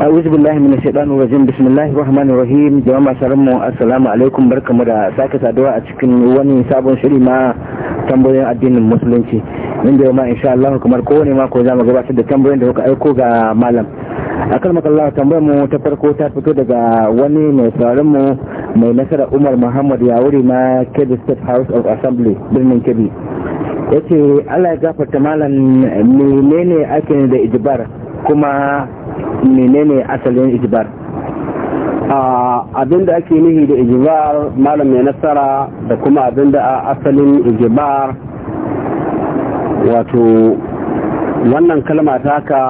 a'udhu billahi minash shaitanir rajim bismillahir rahmanir rahim jama'a salamu assalamu alaikum barkamu da sake saduwa a cikin wani sabon shiri ma tambayoyin addinin musulunci inda yau ma insha Allah kamar kowane mako zamu gabatar da tambayoyin da kuka aiko ga malam akan makallah tambayar mu ta farko ta fito daga wani mai sauraron mu mai nasara Umar Muhammad Yawuri na Kebbi State House of Assembly birnin Kebbi yace Allah ya gafarta malam menene ake da ijbar kuma menene asalin ijibar abinda ake nihi da ijibar malam mai nasara da kuma abinda a asalin ijibar wato wannan kalma ta ka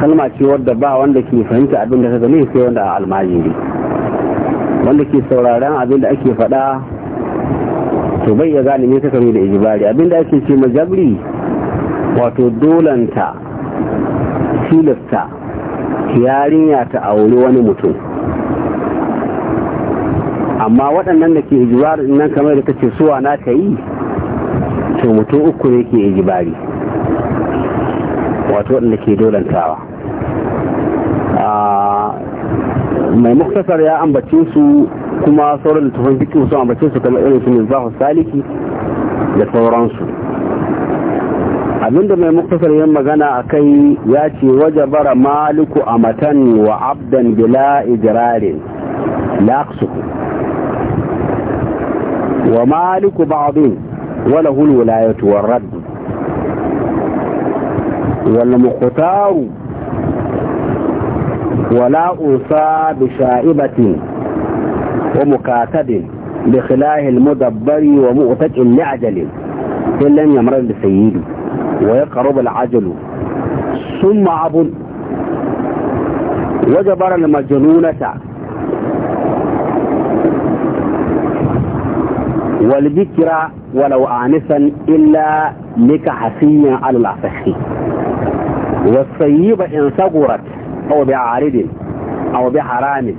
kalma ce wadda ba wanda ke fahimta abinda ta gani sai wanda a almajiri wanda ke sauraren abinda ake faɗa to bai ya gane me ta da ijibari abinda ake ce majabri wato dolanta tilasta yarinya ta auri wani mutum amma waɗannan da ke ijibar nan kamar da kace suwa na ta yi to mutum uku ne ke ijibari wato waɗanda ke dolantawa mai muktasar ya ambace su kuma sauran littafin fikin su ambace su kamar irin su ne saliki da sauransu abinda mai muktasar yin magana a kai ya ce waje bara maliku a matan wa abdan bila ijirarin laqsu wa maliku ba'din wala hul ya war raddu wala muqtaru wala usa bi sha'ibatin wa mukatadin bi khilahil mudabbari wa mu'taqin li'ajalin illa yamran bi sayyidi ويقرب العجل ثم عب وجبر المجنونة والذكرى ولو آنسا إلا لك حسين على الأصح والصيب إن صغرت أو بعارض أو بحرام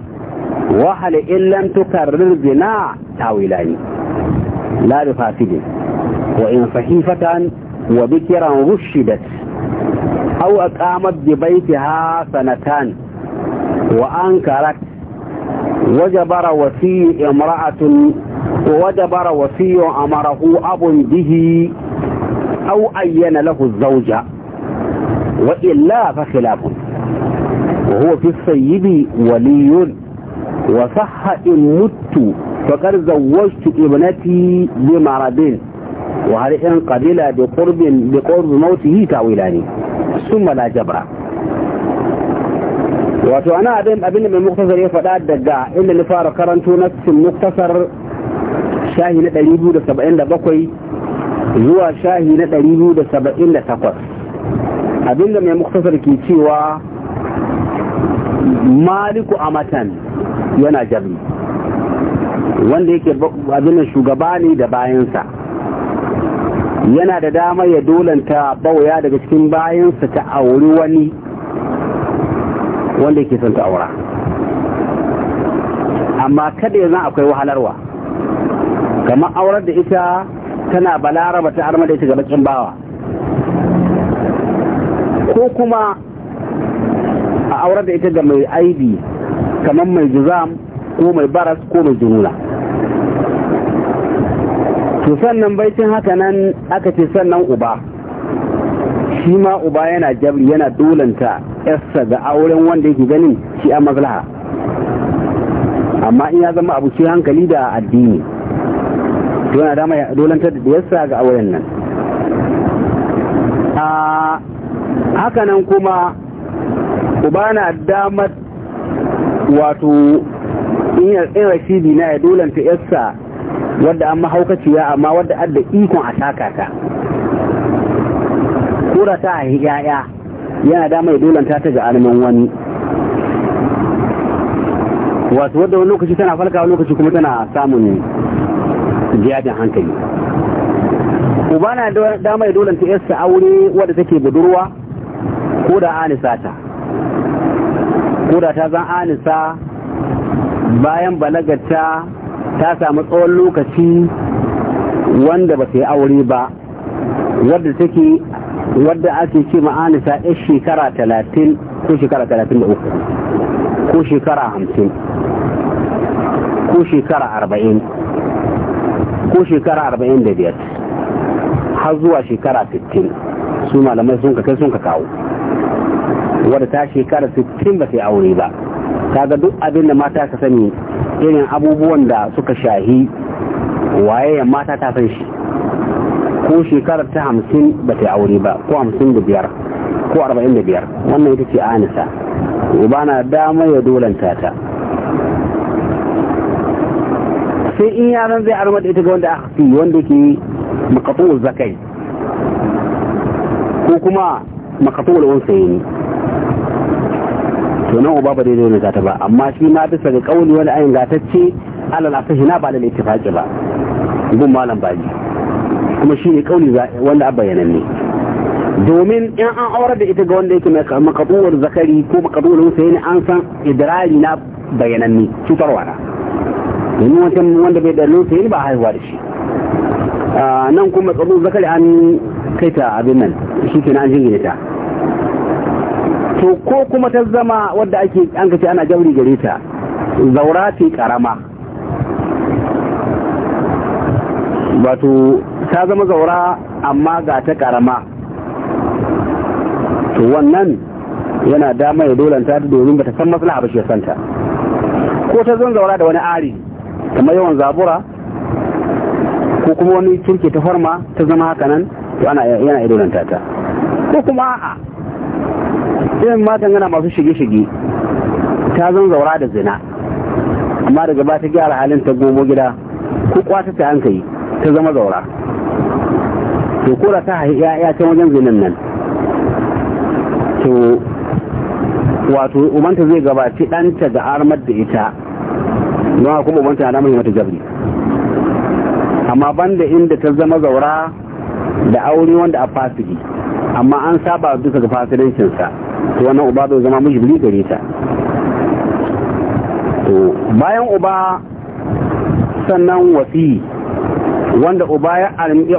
وهل إن لم تكرر بنا تاويلان لا بفاسد وإن صحيفة وبكرا رشدت أو أقامت ببيتها سنتان وأنكرت وجبر وفي امرأة وجبر وفي أمره أب به أو أين له الزوجة وإلا فخلاف وهو في السيد ولي وصح إن مت فقد زوجت ابنتي بمرض wa har in بقرب, bi qurbin bi qurbi mautihi tawilani summa la jabra wato ana abin mai muktasar ya faɗa daga inda na fara karanto na cikin muktasar shahi na 277 zuwa shahi na 278 abin da mai muktasar ke cewa maliku amatan yana jabi, wanda yake abin shugaba ne da bayansa yana da dama ya dolanta bauya daga cikin bayansa ta auri wani wanda yake son ta aura amma kada yanzu akwai wahalarwa kamar aurar da ita tana balaraba ta arma da ita ga bakin bawa ko kuma a aurar da ita ga mai aibi kamar mai jizam ko mai baras ko mai jinuna. to sannan baitin haka nan aka ce sannan uba shi ma uba yana jabri yana dolanta yarsa ga auren wanda yake ganin shi a mazlaha amma in ya zama abu shi hankali da addini to yana dama dolantar da yarsa ga auren nan a haka nan kuma uba na damar wato in rashidi na ya dolanta yarsa wadda an mahaukaciya amma wadda da ikon a saka ta kura ta a yaya yana da mai dolanta ta ga alman wani wasu wadda wani lokaci tana falka wani lokaci kuma tana samun jiyajin hankali uba na da mai dolanta sa aure wadda take budurwa ko da anisa ta ko da ta zan anisa bayan balagarta ta samu tsawon lokaci wanda ba ta yi aure ba wadda take wadda ake ce ma'anisa ya shekara talatin ko shekara talatin da uku ko shekara hamsin ko shekara arba'in ko shekara arba'in da biyar har zuwa shekara sittin su malamai sun ka kai sun ka kawo wadda ta shekara sittin ba ta yi aure ba kaga duk abin da mata ka sani irin abubuwan da suka shahi waye ya mata ta san shi ko shekarar ta hamsin ba ta aure ba ko hamsin da biyar ko arba'in da biyar wannan ita ce anisa ba na dama ya dolanta ta sai in yaran zai armar da ita ga wanda aka fi wanda ke makatowar zakai ko kuma makatowar da wani sayi to nan uba ba daidai wani zata ba amma shi ma bisa ga kauli wani ayin gatacce alal asahi na ba da ittifaqi ba gun malam baji kuma shi ne kauli wanda a ne domin in an aure da ita ga wanda yake mai makaduwar zakari ko makaduwar musa yana an san idirari na bayanan ne cutarwa na domin wancan wanda bai da lusa yana ba haihuwa da shi ah, nan kuma tsaro zakari an kai ta abin nan shi ke na an jingine ta to ko kuma ta zama wadda ake an kace ana jauri gare ta zaura ce karama wato ta zama zaura amma ga ta karama to wannan yana dama ya dolanta ta domin bata san maslaha ba shi santa ko ta zan zaura da wani ari kamar yawan zabura ko kuma wani turke ta farma ta zama haka nan to ana yana idolanta ta ko kuma a'a irin matan gana masu shige-shige ta zan zaura da zina amma daga ba ta gyara halin ta gomo gida ko kwata ta hankali ta zama zaura to kura ta haifi ya ta wajen zinin nan to wato umanta zai gabaci ɗanta ga armar da ita don kuma umanta na damar mata jabri amma banda inda ta zama zaura da aure wanda a fasiki amma an saba duka ga fasidancinsa to wannan uba zai zama mujibili gare ta to bayan uba sannan wasi wanda uba ya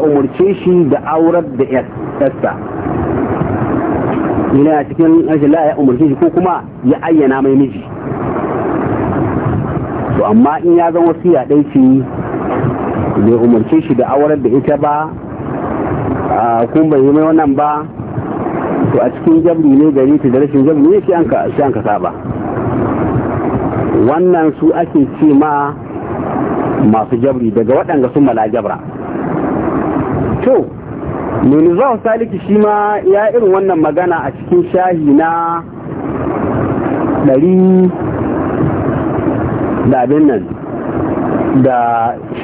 umarce shi da aurar da yasta yana cikin rashin ya umarce shi ko kuma ya ayyana mai miji to amma in ya zama wasiya ya ce bai umarce shi da aurar da ita ba kun bai yi mai wannan ba to a cikin jambi ne gari ta da rashin jabri ne sai an ka saba wannan su ake ce ma masu jabri daga waɗanda sun mala jabra to zuwa saliki shi ma ya irin wannan magana a cikin shahi na ɗari da abin nan da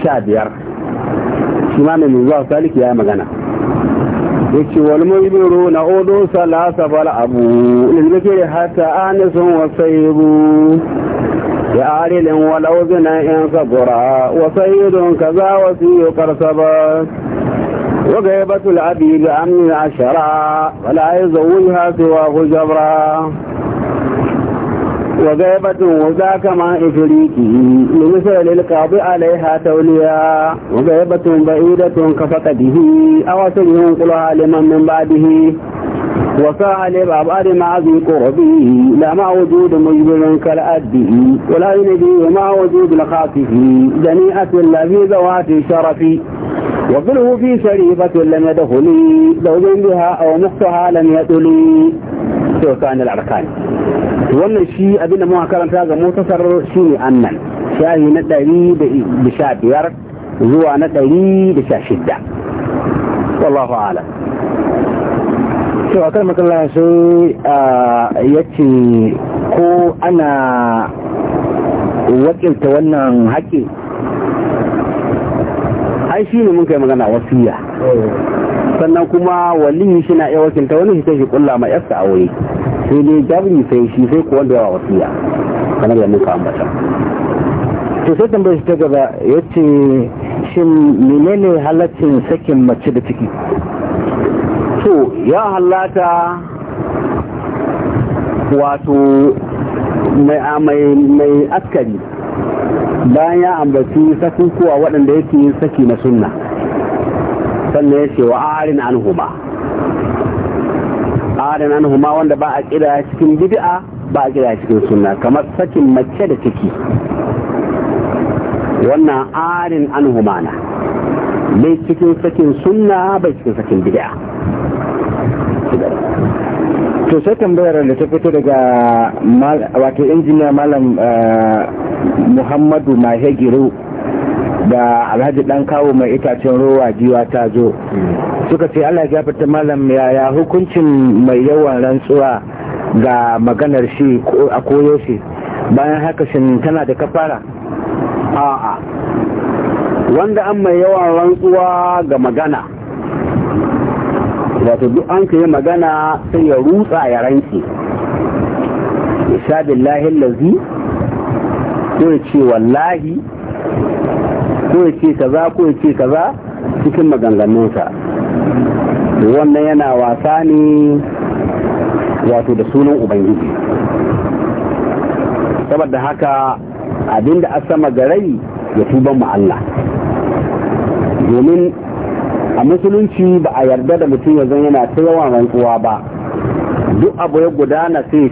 sha biyar shi ma zuwa saliki ya yi magana yace wal mujmiru na udu salasa bal abu lil bikri hatta anasun wa sayyibu ya arilin wal awzina in sabura wa sayyidun kaza wa siyu qarsaba وغيبة العبيد أمن عشرة ولا يزوجها سواه جبرا وغيبة وذاك ما إفريكي لمثل للقاضي عليها توليا وغيبة بعيدة كفقده أو قلها لمن من بعده وساء لبعض مع ذي قربه لا مع وجود مجبر كالأده ولا ينجي مع وجود الخاطف جنيئة الذي ذوات شرفي وقله في شريفة لم يدخلي لو بها أو نصها لم يدلي سوكان الأركان wannan shi abin da muka karanta ga motasar shi ne annan shahi na ɗari da sha biyar zuwa na ɗari da sha shida wallahu ala cewa kan makalla sai ya ce ko ana wakilta wannan haƙƙi ai shi ne mun kai magana wasiya eh. sannan kuma waliyi shi na iya wakilta wani shi shi kulla ma yarsa aure sai dai jabri sai shi sai kuwa wanda yawa wasiya kamar da muka ambata to sai tambayar shi ta gaba yace shin menene halaccin sakin mace da ciki to ya halata wato mai askari bayan ya ambaci sakukuwa waɗanda yake saki na sunna sannan ya ce wa arin an huma arin an huma wanda ba a kira cikin bid'a ba a kira cikin suna kamar sakin mace da ciki wannan arin an huma na mai cikin sakin suna bai cikin sakin bid'a to sai tambayar da ta fito daga wato injiniya malam eh, muhammadu mahegiru da alhaji dan kawo mai itacen rowa jiwa ta zo suka ce allah ya fita malam yaya hukuncin mai yawan rantsuwa ga maganar shi a koyo shi bayan haka shi tana da kafara a'a wanda an mai yawan rantsuwa ga magana wato duk an ka magana sai ya rutsa ya ranke. ya sha billahi lazi ko ce wallahi ko ya ce kaza ko ya ce kaza cikin maganganunsa wannan yana wasa ne wato da sunan ubangiji saboda haka abinda a sama garai ya tuban mu Allah domin a musulunci ba a yarda da mutum ya zan yana ta yawan rantsuwa ba duk abu ya gudana ce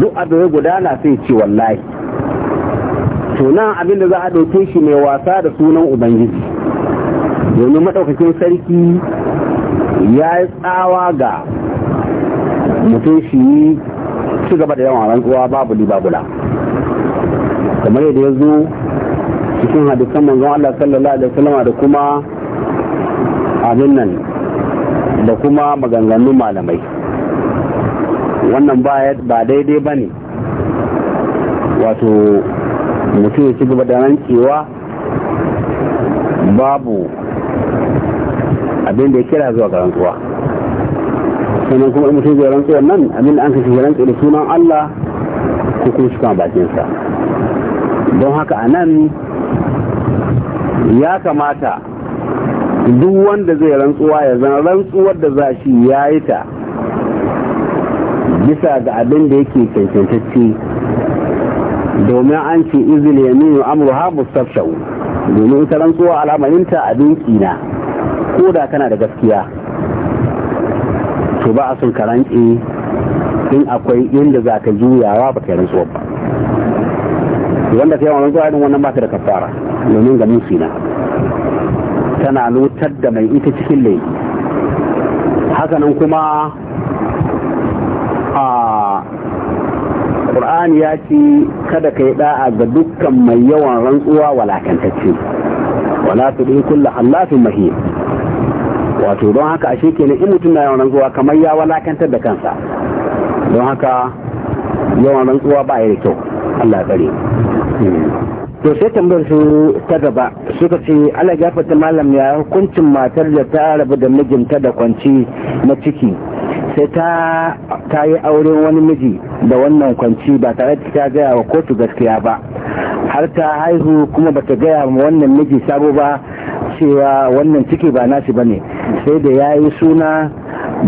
duk abu ya gudana sai ce wallahi to nan abinda za a ɗauke shi mai wasa da sunan ubangiji domin maɗaukakin sarki ya yi tsawa ga mutum shi ci gaba da yawan rantsuwa babu babu babula kamar yadda ya zo cikin hadisan manzon Allah sallallahu alaihi wasallam da kuma abin nan da kuma maganganun malamai wannan ba daidai ba ne wato mutum ya ci gaba da rankewa babu abin da ya kira zuwa ga rantsuwa sannan kuma mutum zai rantsuwa nan abin da an kashe ya rantsuwa da sunan Allah ko kuma shuka bakinsa don haka a nan ya kamata duk wanda zai rantsuwa ya zan rantsuwar da za shi ya yi ta bisa ga abin da yake cancantacce domin an ce izil yaminu amruha mustafshau domin ita rantsuwa al'amarinta dinki na. ko da kana da gaskiya to ba a sun karanci in akwai inda za ka juyawa ba ka rantsuwa ba wanda ka yawan rantsuwa irin wannan baka da kafara domin ga na. tana lutar da mai ita cikin laifi hakanan kuma a alkur'ani ya ce kada ka yi da'a ga dukkan mai yawan rantsuwa walakantacce wala su ɗin kulla su mahi wato don haka ashe kenan in mutum na yawan rantsuwa kamar ya walakantar da kansa don haka yawan rantsuwa ba ya da kyau allah tsare to sai tambayar su ta gaba suka ce ala gafata malam ya hukuncin matar da ta rabu da mijinta da kwanci na ciki sai ta yi auren wani miji da wannan kwanci ba tare da ta gaya wa kotu gaskiya ba har ta haihu kuma ba ta gaya wa wannan miji sabo ba cewa wannan ciki ba ba ne sai da ya yi suna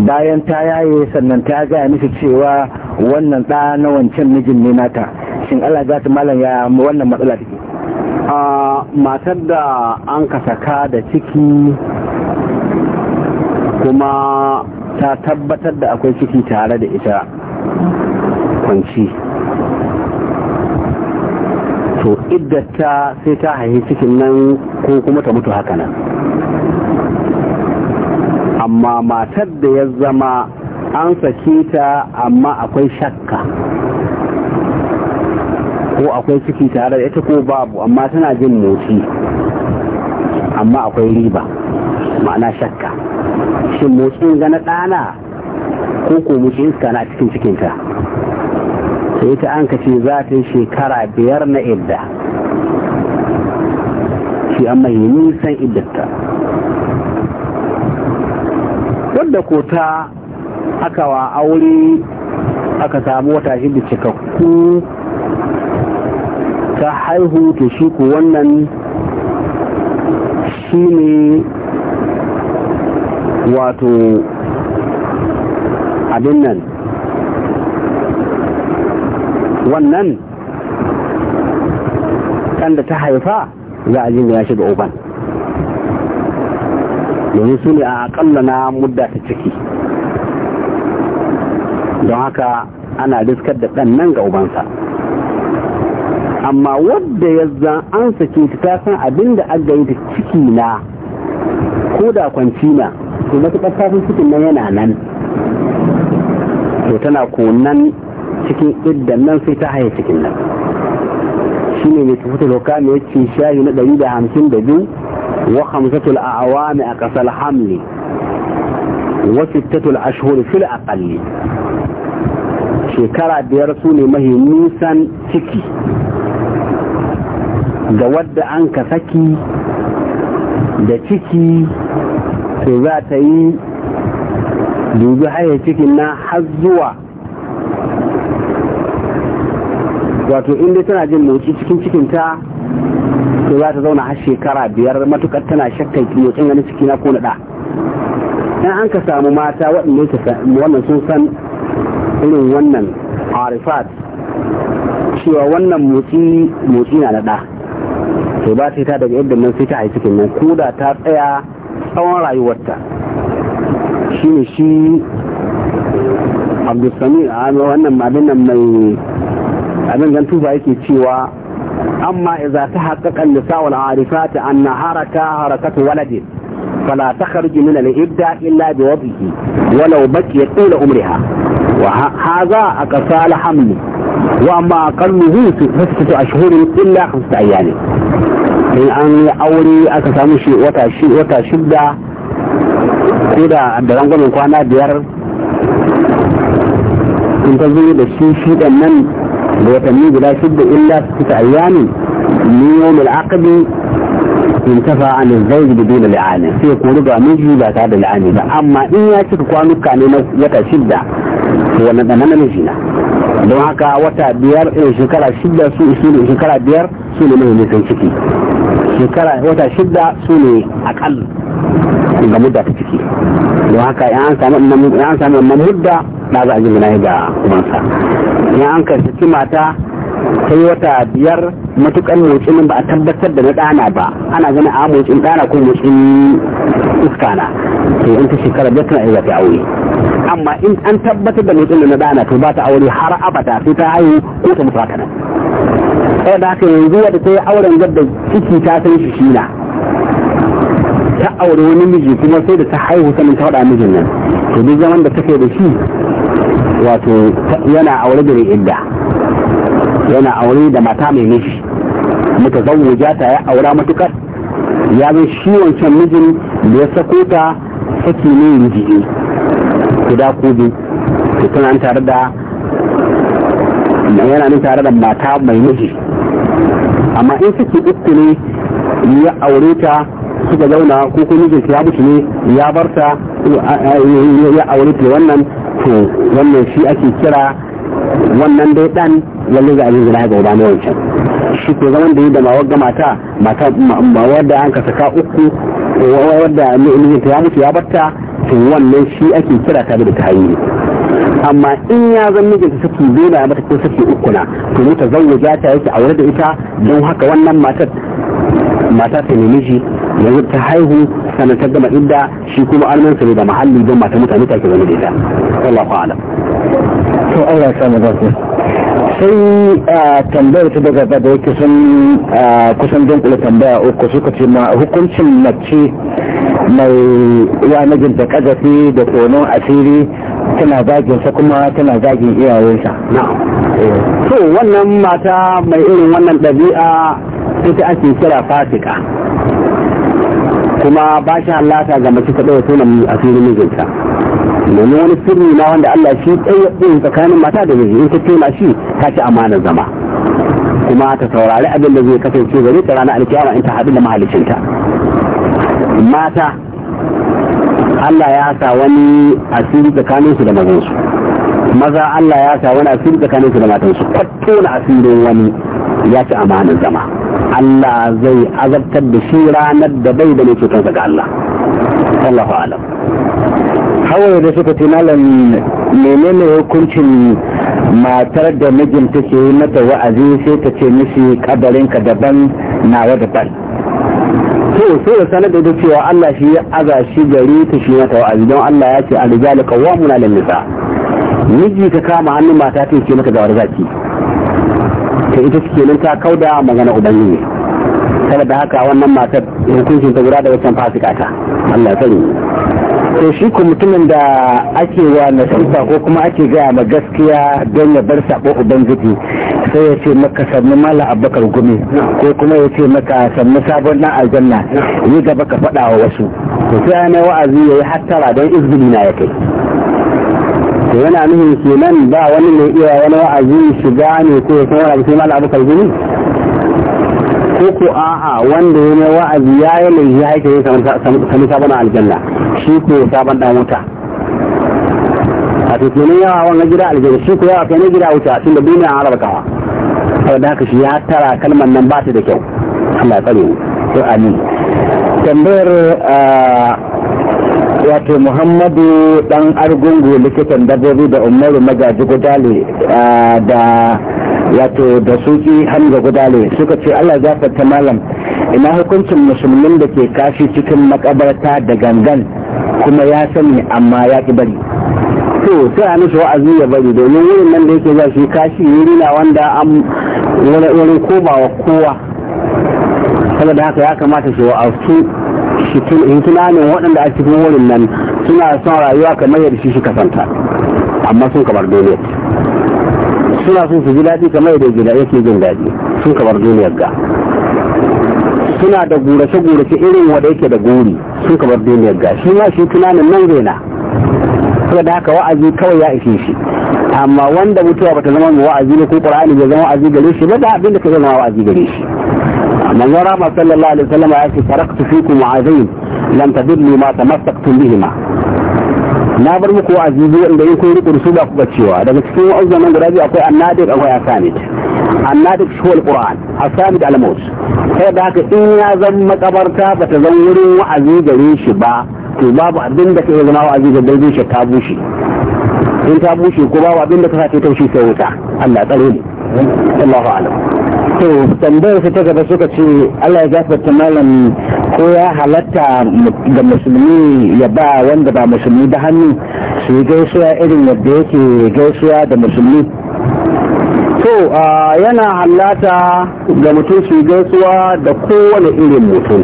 bayan ta yaye sannan ta gaya mishi cewa wannan ɗa na wancan mijin ne nata shin Allah za ta malam ya wannan matsala take a matar da an kasaka da ciki kuma ta tabbatar da akwai ciki tare da ita kwanci to iddata sai ta haihi cikin nan ko kuma ta mutu haka nan amma matar da ya zama an sake ta amma akwai shakka ko akwai ciki tare da ita ko babu amma tana jin motsi amma akwai riba ma'ana shakka shin motsin gana ɗana ko ko motsin iska na cikin cikinta sai ta an kace za ta yi shekara biyar na idda shi amma yi nisan iddata wadda ko ta aka wa aure aka samu wata da cikakku ta haihu ta shi ku wannan shi ne wato abin nan wannan kan da ta haifa za a jinya ya ga uban domin su ne a akalla na mudda ta ciki don haka ana diskar da ɗan nan ga ubansa amma wadda ya zan an sake ta san abin da agayi yi ta ciki na ko da kwanci na to matuƙar kafin cikin nan yana nan to tana kunan cikin da nan sai ta haye cikin nan shi ne mai tafi taloka mai yake shayi na ɗari da hamsin da biyu wa hamsatul a'awami a ƙasar hamli wa sittatul ashhur fil aqalli shekara biyar su ne mahi nisan ciki ga wadda an ka saki da ciki to za ta yi dubi haya cikin na har zuwa wato inda tana jin motsi cikin cikinta to za ta zauna har shekara biyar matukar tana shakkan motsin ganin ciki na ko na da in an ka samu mata waɗanda wannan sun san irin wannan arifat cewa wannan motsi motsi na na da to ba ta daga yadda nan sai ta haifi cikin nan ko da ta tsaya tsawon rayuwarta shi ne shi abdulsami a wannan abin nan mai abin gan tuba yake cewa amma idza tahaqqaqa an-nisa wal 'arifat anna haraka harakatu waladin فلا تخرج من العدة إلا بوضعه ولو بكيت طول عمرها وهذا أقصى حمله وأما أقله ستة أشهر إلا خمسة أيام in an aure aka samu shi wata shida ko da da rangwamin kwana biyar in ta zo da shi shi nan da watanni guda shida illa su ta ayyami ni yawon al'aqabi in tafa an zai da dole la'ani sai ko riga miji ba ta da la'ani ba amma in ya cika kwanuka ne na wata shida to wannan dan namiji na don haka wata biyar eh, shekara shida su shekara biyar su ne mai ciki shekara wata shidda su ne akal ga mudda ta ciki don haka in an samu wannan mudda na za a ji munahi ga ubansa in an kai saki mata ta yi wata biyar matukan motsin ba a tabbatar da na ɗana ba ana gani a motsin ɗana ko motsin iska na to in ta shekara biyar tana iya ta aure amma in an tabbatar da motsin da na ɗana to ba ta aure har abada sai ta haihu ko ta mutu haka nan ɗaya da aka yanzu wadda ta yi auren gadda ciki ta san shi shi na ta aure wani miji kuma sai da ta haihu sanin ta faɗa mijin nan to duk zaman da take da shi wato yana aure da idda yana aure da mata mai nishi muka ta ya aura matukar ya zai shi wancan mijin da ya sako ta saki ne rijiye guda ko biyu to tare da yana nan tare da mata mai miji amma in suke uku ne ya aure ta suka zauna ko kuma mijinta ya mutu ne ya bar ta ya aure ta wannan to wannan shi ake kira wannan dai dan lalle ga abin zina ga uba ne wancan shi ko zaman da yi da mawar ga mata mata mawar da an ka saka uku wadda mijinta ya mutu ya bar ta to wannan shi ake kira ta da ta yi amma in ya zan mijinta saki biyu na mata ko saki uku na to mu ta zawwaja ta yake aure da ita don haka wannan matar mata ta ne miji yanzu ta haihu sannan ta gama idda shi kuma alman ne da mahalli don mata mutane ta ke zama da ita wallahu a'lam to Allah ya samu zafi sai tambayar ta daga da yake sun kusan dunkula tambaya uku suka ce ma hukuncin mace mai yanajin da kazafi da tonon asiri tana sa kuma tana zagin sa So eh. wannan mata mai irin wannan ɗabi'a ita ake kira fasika kuma ba shi halata ga mace ta ɗaya sunan asirin mijinta domin wani sirri na wanda Allah shi ɗaya ɗin tsakanin mata da miji in ta tona shi ta ci amanar zama kuma ta saurari abin da zai kasance gari ta ranar alkiyama in ta haɗu da mahalicinta mata Allah ya sa wani asiri tsakanin su da mazan su maza Allah ya sa wani asiri tsakanin su da matan su kwato na asirin wani ya ci amanin zama Allah zai azabtar da shi ranar da bai da mai cutarsa ga Allah Allahu alam hawaye da suka ce tunalan menene hukuncin matar da mijin take yi mata wa'azi sai ta ce mishi kabarinka daban nawa daban to sai ya sanar da ita cewa Allah shi ya aza shi gare ta shi mata wa'azi don Allah ya ce alijalu wa lin nisa miji ka kama hannun mata ta ce maka gawar zaki ta ita ce nan ta kauda magana ubangiji saboda haka wannan matar hukuncin ta guda da wancan fasika ta Allah sani to shi ku mutumin da ake wa nasifa ko kuma ake gaya ma gaskiya don ya bar sabo ubangiji sai ya ce maka sannu mala abakar gumi ko kuma ya ce maka sannu sabon na aljanna yi gaba ka faɗa wa wasu to sai ana wa'azi ya yi hattara don izini na ya kai to yana nuhin kenan ba wani mai iya wani wa'azi shiga ne ko ya kuma wani sai mala abakar gumi ko ko a'a wanda ya mai wa'azi ya yi mai ya haike yin sannu sabon aljanna shi ko sabon dan wuta a tutunin yawa wanga gida aljanna shi ko yawa kai ne gida wuta tun da duniya an harba kawa saboda haka shi ya tara kalmar nan ba ta da kyau Allah ya tsare to amin tambayar ah, wato muhammadu dan argungu likitan dabbobi da umaru magaji gudale ah, da wato da suki hamza gudale suka ce allah ta malam ina hukuncin musulmin da ke kashi cikin makabarta da gangan kuma ya sani amma ya ki bari to sai a mishi wa'azi ya bari domin wurin nan da yake za shi kashi wuri na wanda wurin wa kowa saboda haka ya kamata shi wa auki shi tunanin waɗanda a cikin wurin nan suna son rayuwa kamar yadda shi shi kasanta amma sun kamar duniya suna son su ji daɗi kamar yadda gida yake jin daɗi sun kamar duniya ga suna da gurace-gurace irin wanda yake da gori sun kamar duniya ga shi ma shi tunanin nan zai na saboda haka wa'azi kawai ya ishe shi amma wanda mutuwa bata zama wa'azi ne ko qur'ani bai zama wa'azi gare shi ba da abin da ka zama wa'azi gare shi ya rama sallallahu alaihi wasallam ya ce taraktu fikum wa'azain lam tadillu ma tamassaktum bihima na bar muku wa'azi biyu inda yin kun riƙe su ba ku bacewa daga cikin wa'azin nan guda biyu akwai annadik akwai asamit annadik shi wal qur'an asamit al maut sai da haka in ya zama makabarta bata zama wurin wa'azi gare shi ba to babu abin da ka zama wa'azi ga dai shi ta bushe in ta bushe ko babu abin da ka sace taushi sai wuta Allah tsare ne Allahu a'lam to tambayar su ta gaba suka ce Allah ya gafarta malam ko ya halatta da musulmi ya ba wanda ba musulmi da hannu su yi gaisuwa irin yadda yake gaisuwa da musulmi to yana halatta ga mutum su yi gaisuwa da kowane irin mutum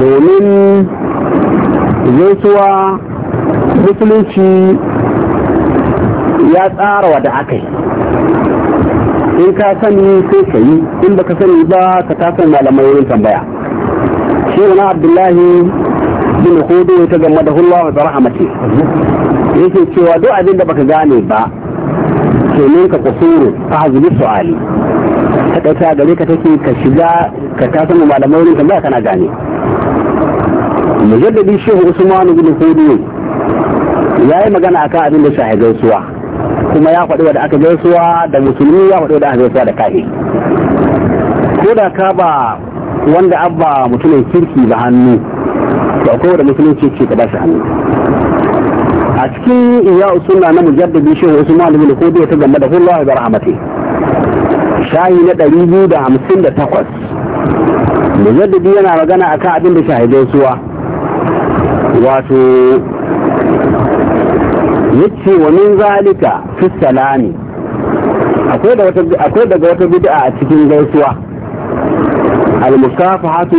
domin gaisuwa musulunci ya tsara wa da aka yi in ka sani sai ka yi in baka sani ba ka tasan malamai wurin tambaya shi wani abdullahi bin hudu ta gama da hulwa wa tsara mace yake cewa duk abin da baka gane ba kenan ka kusuru ka hazuri su'ali ta ɗauka gare ka take ka shiga ka tasan malamai wurin tambaya kana gane mujaddadi shehu usman ibn hudu ya yi magana akan abin da shahi gaisuwa kuma ya faɗi wadda aka gaisuwa da musulmi ya faɗi wadda aka gaisuwa da kahi ko da ka ba wanda abba mutumin kirki ba hannu to akwai wadda musulunci ce ka ba shi hannu a cikin iya sunna na mujaddadi shehu usman ibn hudu ya ta gamba da hulwa da rahmatai shayi na ɗari biyu da hamsin da takwas mujaddadi yana magana akan abin da shahidai suwa wato yace wa min zalika fi salami akwai daga wata bid'a a cikin gaisuwa al-musafahatu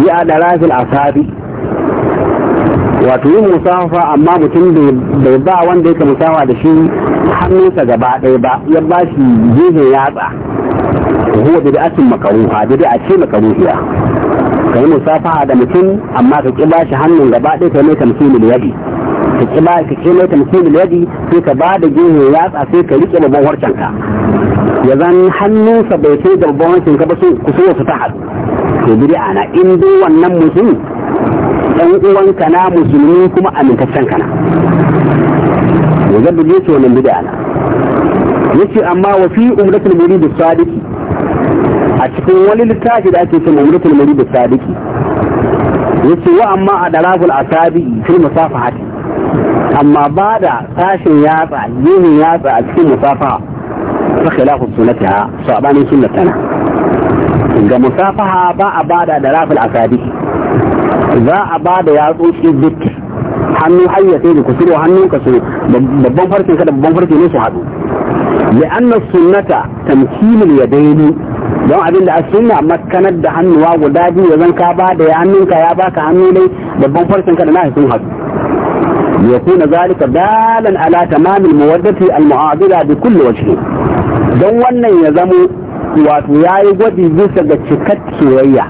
bi adarafil asabi wato yin musafa amma mutum bai ba wanda yake musafa da shi hannunsa gaba ɗaya ba ya ba shi jihin yatsa huwa bid'atun makaruha bid'a ce makaruhiya ka yi musafaha da mutum amma ka ƙi shi hannun gaba ɗaya ka yi mai tamsilin yadi ka ƙi ka ƙi mai tamsilin yadi sai ka ba da gehe yatsa sai ka riƙe babban harcen ka ya zan hannunsa bai kai da babban harcen ka ba su ku so su ta haɗu to biri ana in dai wannan mutum ɗan uwanka na musulmi kuma amintaccen kana ya zabi ne to wannan bid'a na yace amma wa fi umratul murid sadiqi a cikin wani littafi da ake cewa umratul da sadiki yace wa amma a darabul asabi fil musafahati amma ba da sashin yatsa yin yatsa a cikin musafa fa khilafu sunnatiha sabanin sunnatana ga musafaha ba a ba da rafil asabi za a ba da yatsoci duk hannu hayya sai da kusuro hannun ka su babban farkin ka da babban farkin ne su haɗu li'anna sunnata tamkinul yadaini don abin da sunna makanar da hannuwa guda biyu ya zan ka ba da hannunka ya baka hannu ne babban ka da nashi sun zalika dalan ala دالا muwaddati al mu'adila bi kulli wajhi don wannan ya zamo wato yayi yi gwaji bisa ga cikar soyayya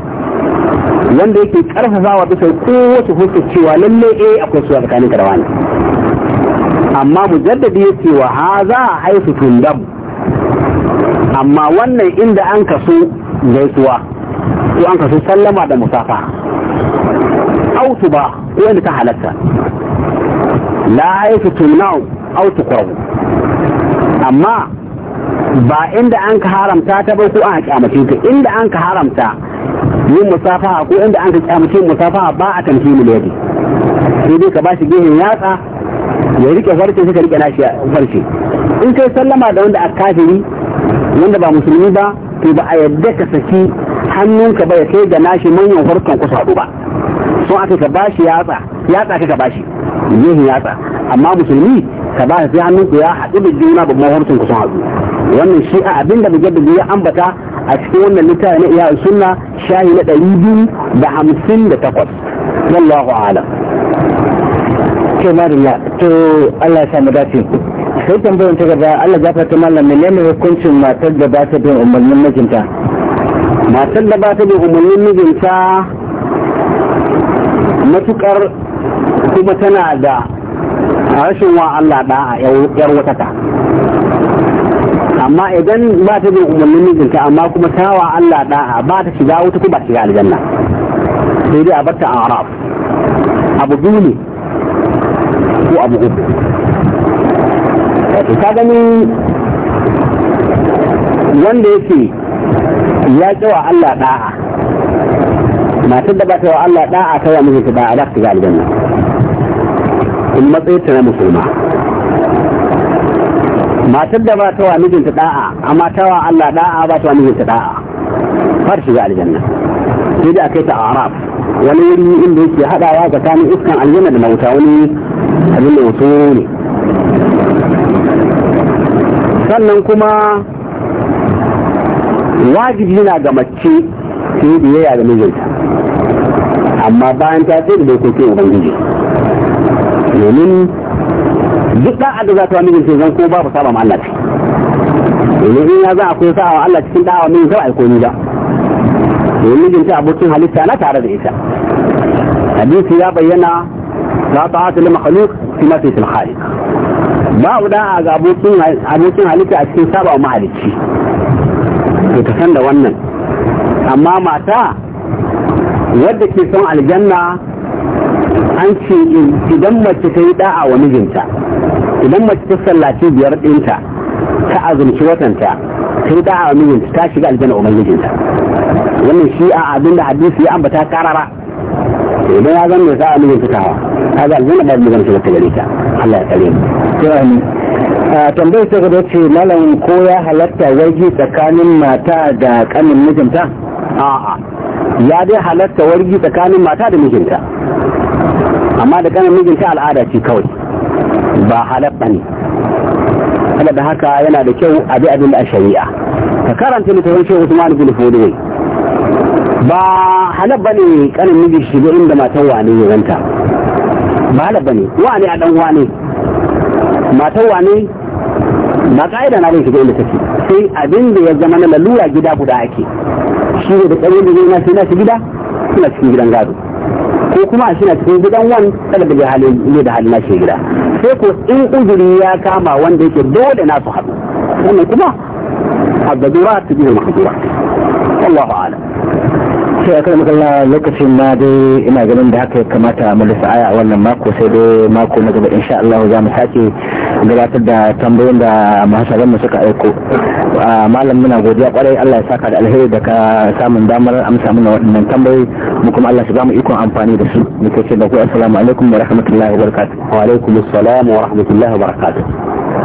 wanda yake karfafawa bisa kowace hukunci cewa lalle eh akwai suwa tsakanin ka da wani amma mujaddadi yake wa haza haifu tundam amma wannan inda an kaso gaisuwa ko an kaso sallama da musafa autu ba ko inda ta halatta la aiki tumnau autu kwaru amma ba inda an ka haramta ta bai ko an kyamace ka inda an ka haramta yin musafaha ko inda an ka kyamace musafaha ba a tamkini da yadi sai dai ka ba shi gehen yatsa ya rike farce sai ka rike nashi farce in kai sallama da wanda a kafiri wanda ba musulmi ba to ba a yadda ka saki hannunka ba ya kai ga nashi manyan farkon kusa ba sun aka ka bashi yatsa yatsa ka ka bashi yin yatsa amma musulmi ka ba sai hannunku ya haɗu da juna babban harsun kusan haɗu wannan shi a abin da bujaddadi ya ambata a cikin wannan littafi na iya sunna shahi na ɗari biyu da hamsin da takwas wallahu alam to Allah ya samu dace sai tambayar ta gaba Allah ya fata mallam menene hukuncin matar da ba ta bin umarnin mijinta matar da ba ta bin umarnin mijinta matukar kuma tana da rashin wa Allah da yar watata amma idan ba ta bin umarnin mijinta amma kuma ta wa Allah da ba ta shiga wuta ko ba shiga aljanna sai dai a barta a arab abu biyu ne ko abu uku ka gani wanda yake ya ƙi wa Allah ɗa'a matar da ba ta wa Allah ɗa'a ta wa mijinta ɗa'a za ta ga aljanna in matsayin ta na musulma matar da ba ta wa mijinta ɗa'a amma ta wa Allah ɗa'a ba ta wa mijinta ɗa'a har shiga aljanna sai da aka yi ta arab wani wuri inda yake haɗawa tsakanin iskan aljanna da mauta wani abin da wato ne sannan kuma wajibi na ga mace ta yi biyayya da mijinta amma bayan ta ce da dokokin ubangiji domin duk da da za ta wani mijinta zan ko babu saba ma Allah ce domin in ya za a kusa wa Allah cikin da'a min zai aiko ni ba domin mijinta abokin halitta na tare da ita hadisi ya bayyana la ta'ata li makhluq fi mafaitul khaliq babu da'a ga abokin halitta a cikin saba wa mahalicci to ta san da wannan amma mata wadda ke son aljanna an ce idan mace ta yi da'a wa mijinta idan mace ta sallaci biyar dinta ta azumci watanta ta yi da'a wa mijinta ta shiga aljanna wa mijinta wannan shi a abinda hadisi ya ambata karara idan ya zama mai sa'a mijin suka hawa kaga aljanna ba mu gamsu ta gare ta Allah ya kare mu to amin a tambayar ta gaba ce malam ko ya halatta wargi tsakanin mata da kanin mijinta a'a ya dai halatta wargi tsakanin mata da mijinta amma da kanin mijinta al'ada ce kawai ba halatta ne kada da haka yana da kyau a bi abin da a shari'a ka karanta littafin shehu usman bin fodewai ba halar ba ne kanin miji shigo inda matan wane ya zanta ba halar ba ne wane a dan wane matan wane ba ka'ida na bai shigo inda take sai abin da ya zama na lalura gida guda ake shi ne da tsarin da zai na sai na shi gida suna cikin gidan gado ko kuma a shi cikin gidan wan daga da halin ne da halin na shi gida sai ko in uzuri ya kama wanda yake dole na su haɗu wannan kuma a gajura ta biyu mahdura Allahu a'lam sai a kan makalla lokacin ma dai ina ganin da haka ya kamata mu lissa aya wannan mako sai dai mako na gaba insha Allah za mu sake gabatar da tambayoyin da mahasaran mu suka aiko malam muna godiya kwarai Allah ya saka da alheri da ka samun damar amsa mana waɗannan tambayoyi mu kuma Allah shi ba mu ikon amfani da su muke ce da ku assalamu alaikum wa rahmatullahi wa barakatuh wa alaikum assalam wa rahmatullahi wa barakatuh